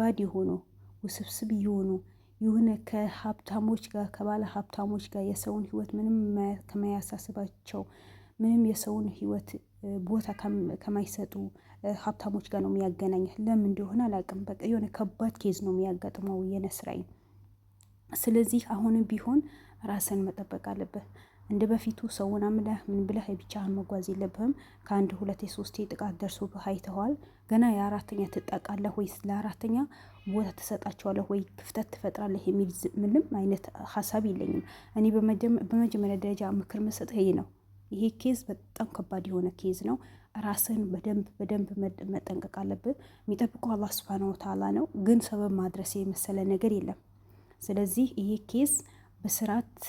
ከባድ የሆኑ ውስብስብ የሆኑ የሆነ ከሀብታሞች ጋር ከባለ ሀብታሞች ጋር የሰውን ህይወት ምንም ከማያሳስባቸው ምንም የሰውን ህይወት ቦታ ከማይሰጡ ሀብታሞች ጋር ነው የሚያገናኝ። ለምን እንደሆነ አላውቅም። በቃ የሆነ ከባድ ኬዝ ነው የሚያጋጥመው የነስር ስለዚህ አሁንም ቢሆን ራስን መጠበቅ አለበት። እንደ በፊቱ ሰውን አምለህ ምን ብለህ ብቻህን መጓዝ የለብህም። ከአንድ ሁለት የሶስቴ ጥቃት ደርሶብህ አይተኸዋል። ገና የአራተኛ ትጠቃለህ ወይስ ለአራተኛ ቦታ ትሰጣቸዋለህ ወይ ክፍተት ትፈጥራለህ የሚል ምንም አይነት ሀሳብ የለኝም። እኔ በመጀመሪያ ደረጃ ምክር መሰጥህ ይህ ነው። ይሄ ኬዝ በጣም ከባድ የሆነ ኬዝ ነው። ራስህን በደንብ በደንብ መጠንቀቅ አለብህ። የሚጠብቀው አላህ ስብሃነ ወተዓላ ነው፣ ግን ሰበብ ማድረስ የመሰለ ነገር የለም። ስለዚህ ይሄ ኬዝ በስርዓት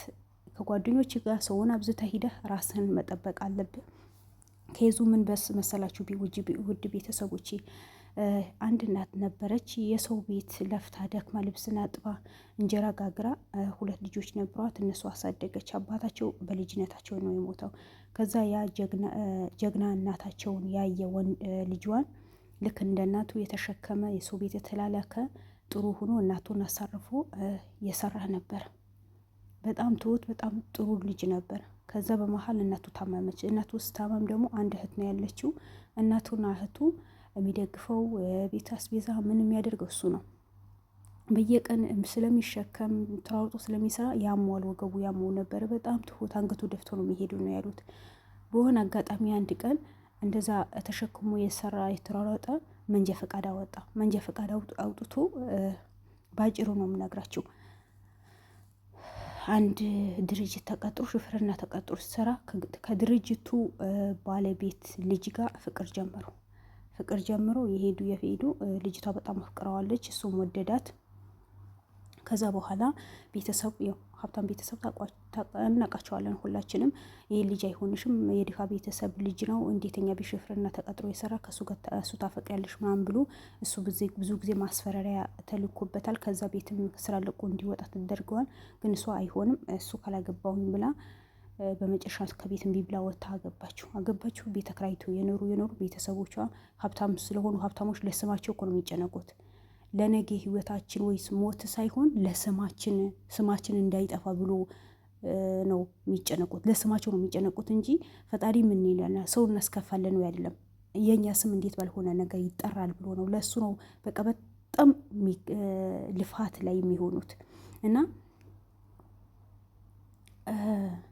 ከጓደኞች ጋር ሰውን አብዝታ ሂደህ ራስህን መጠበቅ አለብህ። ከይዙ ምን በስ መሰላችሁ ውድ ቤተሰቦቼ፣ አንድ እናት ነበረች። የሰው ቤት ለፍታ ደክማ ልብስን አጥባ እንጀራ ጋግራ ሁለት ልጆች ነበሯት፣ እነሱ አሳደገች። አባታቸው በልጅነታቸው ነው የሞተው። ከዛ ያ ጀግና እናታቸውን ያየ ልጇን ልክ እንደ እናቱ የተሸከመ የሰው ቤት የተላላከ ጥሩ ሆኖ እናቱን አሳርፎ የሰራ ነበር። በጣም ትሁት፣ በጣም ጥሩ ልጅ ነበር። ከዛ በመሀል እናቱ ታመመች። እናቱ ስታመም ደግሞ አንድ እህት ነው ያለችው። እናቱና እህቱ የሚደግፈው ቤት አስቤዛ ምን የሚያደርገው እሱ ነው። በየቀን ስለሚሸከም ተሯሩጦ ስለሚሰራ ያሟል፣ ወገቡ ያመው ነበር። በጣም ትሁት፣ አንገቱ ደፍቶ ነው የሚሄዱ ነው ያሉት። በሆነ አጋጣሚ አንድ ቀን እንደዛ ተሸክሞ የሰራ የተሯሯጠ መንጃ ፈቃድ አወጣ። መንጃ ፈቃድ አውጥቶ ባጭሩ ነው የምነግራቸው አንድ ድርጅት ተቀጥሮ ሹፍርና ተቀጥሮ ስራ ከድርጅቱ ባለቤት ልጅ ጋር ፍቅር ጀምሮ ፍቅር ጀምሮ የሄዱ የሄዱ ልጅቷ በጣም አፍቅረዋለች፣ እሱም ወደዳት። ከዛ በኋላ ቤተሰቡ ያው ሀብታም ቤተሰብ እናውቃቸዋለን ሁላችንም። ይህ ልጅ አይሆንሽም፣ የድሃ ቤተሰብ ልጅ ነው፣ እንዴተኛ ቢሽፍርና ተቀጥሮ የሰራ ከእሱ ታፈቅሪያለሽ ምናምን ብሎ እሱ ብዙ ጊዜ ማስፈራሪያ ተልኮበታል። ከዛ ቤትም ስራ ለቆ እንዲወጣ ተደርገዋል። ግን እሷ አይሆንም እሱ ካላገባውኝ ብላ በመጨረሻ ከቤት እምቢ ብላ ወጥታ አገባችሁ አገባችሁ ቤት ተከራይቶ የኖሩ የኖሩ ቤተሰቦቿ ሀብታም ስለሆኑ ሀብታሞች ለስማቸው እኮ ነው የሚጨነቁት። ለነገ ህይወታችን ወይስ ሞት ሳይሆን ለስማችን ስማችን እንዳይጠፋ ብሎ ነው የሚጨነቁት። ለስማቸው ነው የሚጨነቁት እንጂ ፈጣሪ ምን ይለናል፣ ሰው እናስከፋለን ነው አይደለም። የእኛ ስም እንዴት ባልሆነ ነገር ይጠራል ብሎ ነው። ለእሱ ነው በቃ በጣም ልፋት ላይ የሚሆኑት እና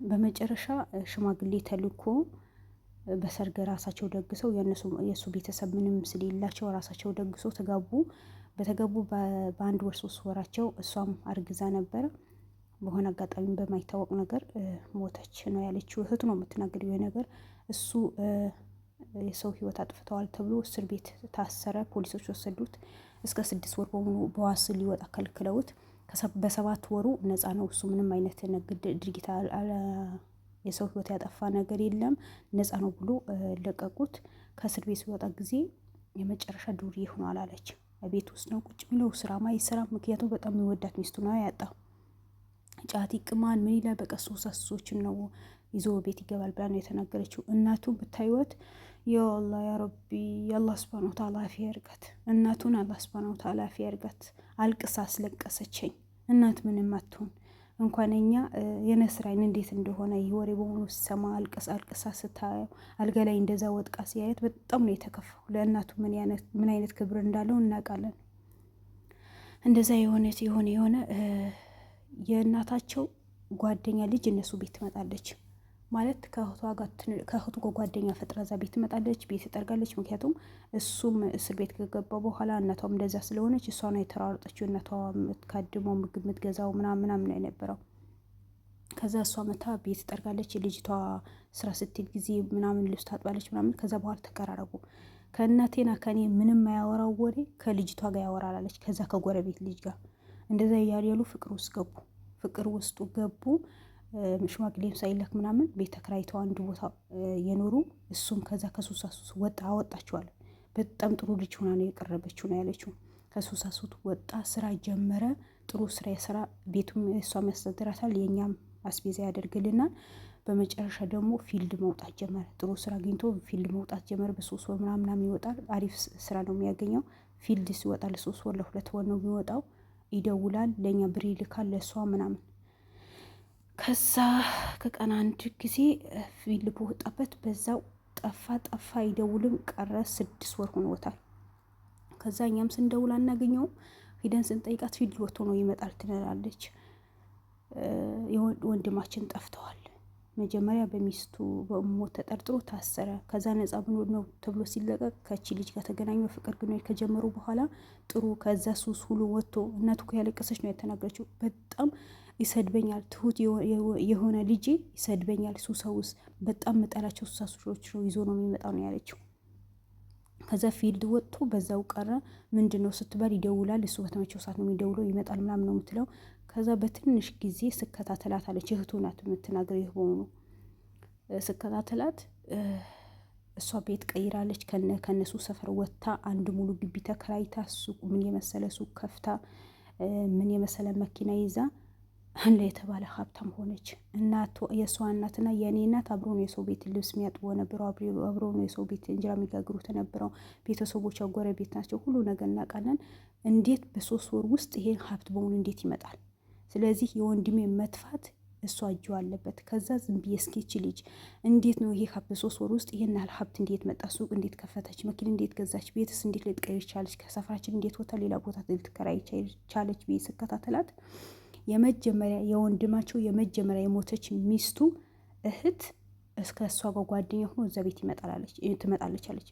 በመጨረሻ ሽማግሌ ተልኮ በሰርግ ራሳቸው ደግሰው የእሱ ቤተሰብ ምንም ስለሌላቸው ራሳቸው ደግሰው ተጋቡ። በተገቡ በአንድ ወር ሶስት ወራቸው እሷም አርግዛ ነበረ። በሆነ አጋጣሚ በማይታወቅ ነገር ሞተች ነው ያለችው። እህቱ ነው የምትናገደው ነገር። እሱ የሰው ህይወት አጥፍተዋል ተብሎ እስር ቤት ታሰረ። ፖሊሶች ወሰዱት። እስከ ስድስት ወር በሙሉ በዋስ ሊወጣ ከልክለውት፣ በሰባት ወሩ ነፃ ነው። እሱ ምንም አይነት ድርጊት የሰው ህይወት ያጠፋ ነገር የለም ነፃ ነው ብሎ ለቀቁት። ከእስር ቤት ሲወጣ ጊዜ የመጨረሻ ዱርዬ ሆኗል አለች። ቤት ውስጥ ነው ቁጭ ብለው ስራ ማ ይሰራ። ምክንያቱም በጣም የሚወዳት ሚስቱ ነው ያጣ። ጫት ይቅማል ምን ይላል፣ በቀ ሶስት አስሶችን ነው ይዞ ቤት ይገባል ብላ ነው የተናገረችው። እናቱን ብታይወት የላ ያረቢ የአላ ስብን ታላ ፊ ያርጋት። እናቱን አላ ስብን ታላ ፊ ያርጋት። አልቅሳ አስለቀሰችኝ። እናት ምንም አትሆን እንኳን እኛ የነስር አይን እንዴት እንደሆነ ይህ ወሬ በሆኑ ሲሰማ አልቀስ አልቅሳ ስታየው አልጋ ላይ እንደዛ ወጥቃ ሲያየት በጣም ነው የተከፋው። ለእናቱ ምን አይነት ክብር እንዳለው እናውቃለን። እንደዛ የሆነች የሆነ የሆነ የእናታቸው ጓደኛ ልጅ እነሱ ቤት ትመጣለች። ማለት ከእህቱ ጓደኛ ፈጥራ እዛ ቤት ትመጣለች፣ ቤት ትጠርጋለች። ምክንያቱም እሱም እስር ቤት ከገባ በኋላ እናቷም እንደዛ ስለሆነች እሷ ነው የተሯሯጠችው። እናቷ የምትካድሞ ምግብ የምትገዛው ምናምን ምናምን የነበረው ከዛ እሷ መታ ቤት ትጠርጋለች። ልጅቷ ስራ ስትል ጊዜ ምናምን ልብስ ታጥባለች ምናምን። ከዛ በኋላ ተቀራረቡ። ከእናቴና ከኔ ምንም አያወራው ወሬ ከልጅቷ ጋር ያወራላለች። ከዛ ከጎረቤት ልጅ ጋር እንደዛ እያሉ ፍቅር ውስጥ ገቡ። ፍቅር ውስጡ ገቡ። ሽማግሌም ሳይለክ ምናምን ቤት ተከራይተው አንድ ቦታ የኖሩ እሱም ከዛ ከሱሳ ሱስ ወጣ አወጣችዋል። በጣም ጥሩ ልጅ ሆና ነው የቀረበችው ነው ያለችው። ከሱሳ ሱስ ወጣ ስራ ጀመረ። ጥሩ ስራ የስራ ቤቱም እሷም ያስተዳድራታል፣ የእኛም አስቤዛ ያደርግልናል። በመጨረሻ ደግሞ ፊልድ መውጣት ጀመረ። ጥሩ ስራ አግኝቶ ፊልድ መውጣት ጀመረ። በሶስት ወር ምናምን ይወጣል። አሪፍ ስራ ነው የሚያገኘው። ፊልድ ሲወጣ ለሶስት ወር ለሁለት ወር ነው የሚወጣው። ይደውላል፣ ለእኛ ብር ይልካል፣ ለእሷ ምናምን ከዛ ከቀን አንድ ጊዜ ፊል በወጣበት በዛው ጠፋ ጠፋ አይደውልም ቀረ። ስድስት ወር ሆኖታል። ከዛ እኛም ስንደውል አናገኘውም። ሂደን ስንጠይቃት ፊልድ ወጥቶ ነው ይመጣል ትነላለች። ወንድማችን ጠፍተዋል። መጀመሪያ በሚስቱ በሞት ተጠርጥሮ ታሰረ። ከዛ ነጻ ብኖር ነው ተብሎ ሲለቀቅ ከቺ ልጅ ጋር ተገናኙ። ፍቅር ግንኙነት ከጀመሩ በኋላ ጥሩ ከዛ ሱስ ሁሉ ወጥቶ እናቱ ያለቀሰች ነው የተናገረችው በጣም ይሰድበኛል። ትሁት የሆነ ልጄ ይሰድበኛል። ሰውስ በጣም መጠላቸው ሱሳሶች ነው ይዞ ነው የሚመጣው ነው ያለችው። ከዛ ፊልድ ወጥቶ በዛው ቀረ። ምንድን ነው ስትባል ይደውላል። እሱ በተመቸው ሰዓት ነው የሚደውለው። ይመጣል ምናምን ነው የምትለው። ከዛ በትንሽ ጊዜ ስከታተላት አለች። እህቱ ናት የምትናገር ይህ በሆኑ ስከታተላት እሷ ቤት ቀይራለች። ከነሱ ሰፈር ወጥታ አንድ ሙሉ ግቢ ተከራይታ ሱቅ ምን የመሰለ ሱቅ ከፍታ ምን የመሰለ መኪና ይዛ አለ የተባለ ሀብታም ሆነች። እናቱ የእሷ እናትና የእኔ እናት አብሮ ነው የሰው ቤት ልብስ የሚያጥቡ ነበረው። አብሮ ነው የሰው ቤት እንጀራ የሚጋግሩት ነበረው። ቤተሰቦቿ ጎረቤት ናቸው። ሁሉ ነገር እናውቃለን። እንዴት በሶስት ወር ውስጥ ይሄ ሀብት በሙሉ እንዴት ይመጣል? ስለዚህ የወንድሜ መጥፋት እሷ እጅ አለበት። ከዛ ዝም ብዬ እስኪች ልጅ እንዴት ነው ይሄ ሀብት በሶስት ወር ውስጥ ይሄን ያህል ሀብት እንዴት መጣ? ሱቅ እንዴት ከፈተች? መኪና እንዴት ገዛች? ቤትስ እንዴት ልትቀይር ቻለች? ከሰፈራችን እንዴት ወታ ሌላ ቦታ ልትከራይ ቻለች? ብዬ ስከታተላት የመጀመሪያ የወንድማቸው የመጀመሪያ የሞተች ሚስቱ እህት እስከ እሷ ጋር ጓደኛ ሆኖ እዛ ቤት ትመጣለች አለች።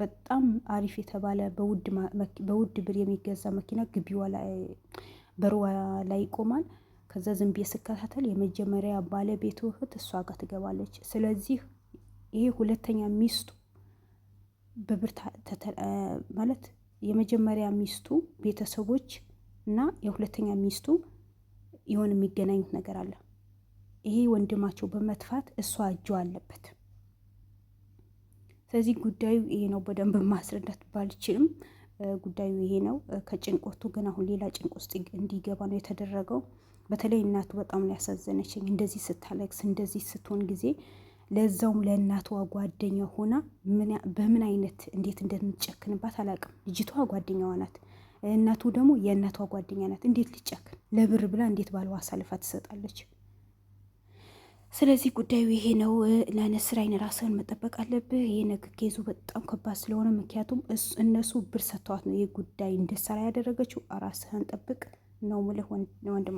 በጣም አሪፍ የተባለ በውድ ብር የሚገዛ መኪና ግቢዋ ላይ በርዋ ላይ ይቆማል። ከዛ ዝም ብዬ ስከታተል የመጀመሪያ ባለቤቱ እህት እሷ ጋር ትገባለች። ስለዚህ ይሄ ሁለተኛ ሚስቱ በብር ማለት የመጀመሪያ ሚስቱ ቤተሰቦች እና የሁለተኛ ሚስቱ የሆነ የሚገናኙት ነገር አለ። ይሄ ወንድማቸው በመጥፋት እሷ እጇ አለበት። ስለዚህ ጉዳዩ ይሄ ነው። በደንብ ማስረዳት ባልችልም ጉዳዩ ይሄ ነው። ከጭንቆቱ ግን አሁን ሌላ ጭንቅ ውስጥ እንዲገባ ነው የተደረገው። በተለይ እናቱ በጣም ነው ያሳዘነችኝ። እንደዚህ ስታለቅስ፣ እንደዚህ ስትሆን ጊዜ ለዛውም ለእናቷ ጓደኛ ሆና በምን አይነት እንዴት እንደምትጨክንባት አላውቅም። ልጅቷ ጓደኛዋ ናት። እናቱ ደግሞ የእናቷ ጓደኛ ናት። እንዴት ልጨክን? ለብር ብላ እንዴት ባለው አሳልፋ ትሰጣለች? ስለዚህ ጉዳዩ ይሄ ነው። ለንስር አይን ራስህን መጠበቅ አለብህ። ይሄ ነግ ኬዙ በጣም ከባድ ስለሆነ ምክንያቱም እነሱ ብር ሰጥተዋት ነው ይህ ጉዳይ እንድሰራ ያደረገችው። ራስህን ጠብቅ ነው ምልህ ወንድማ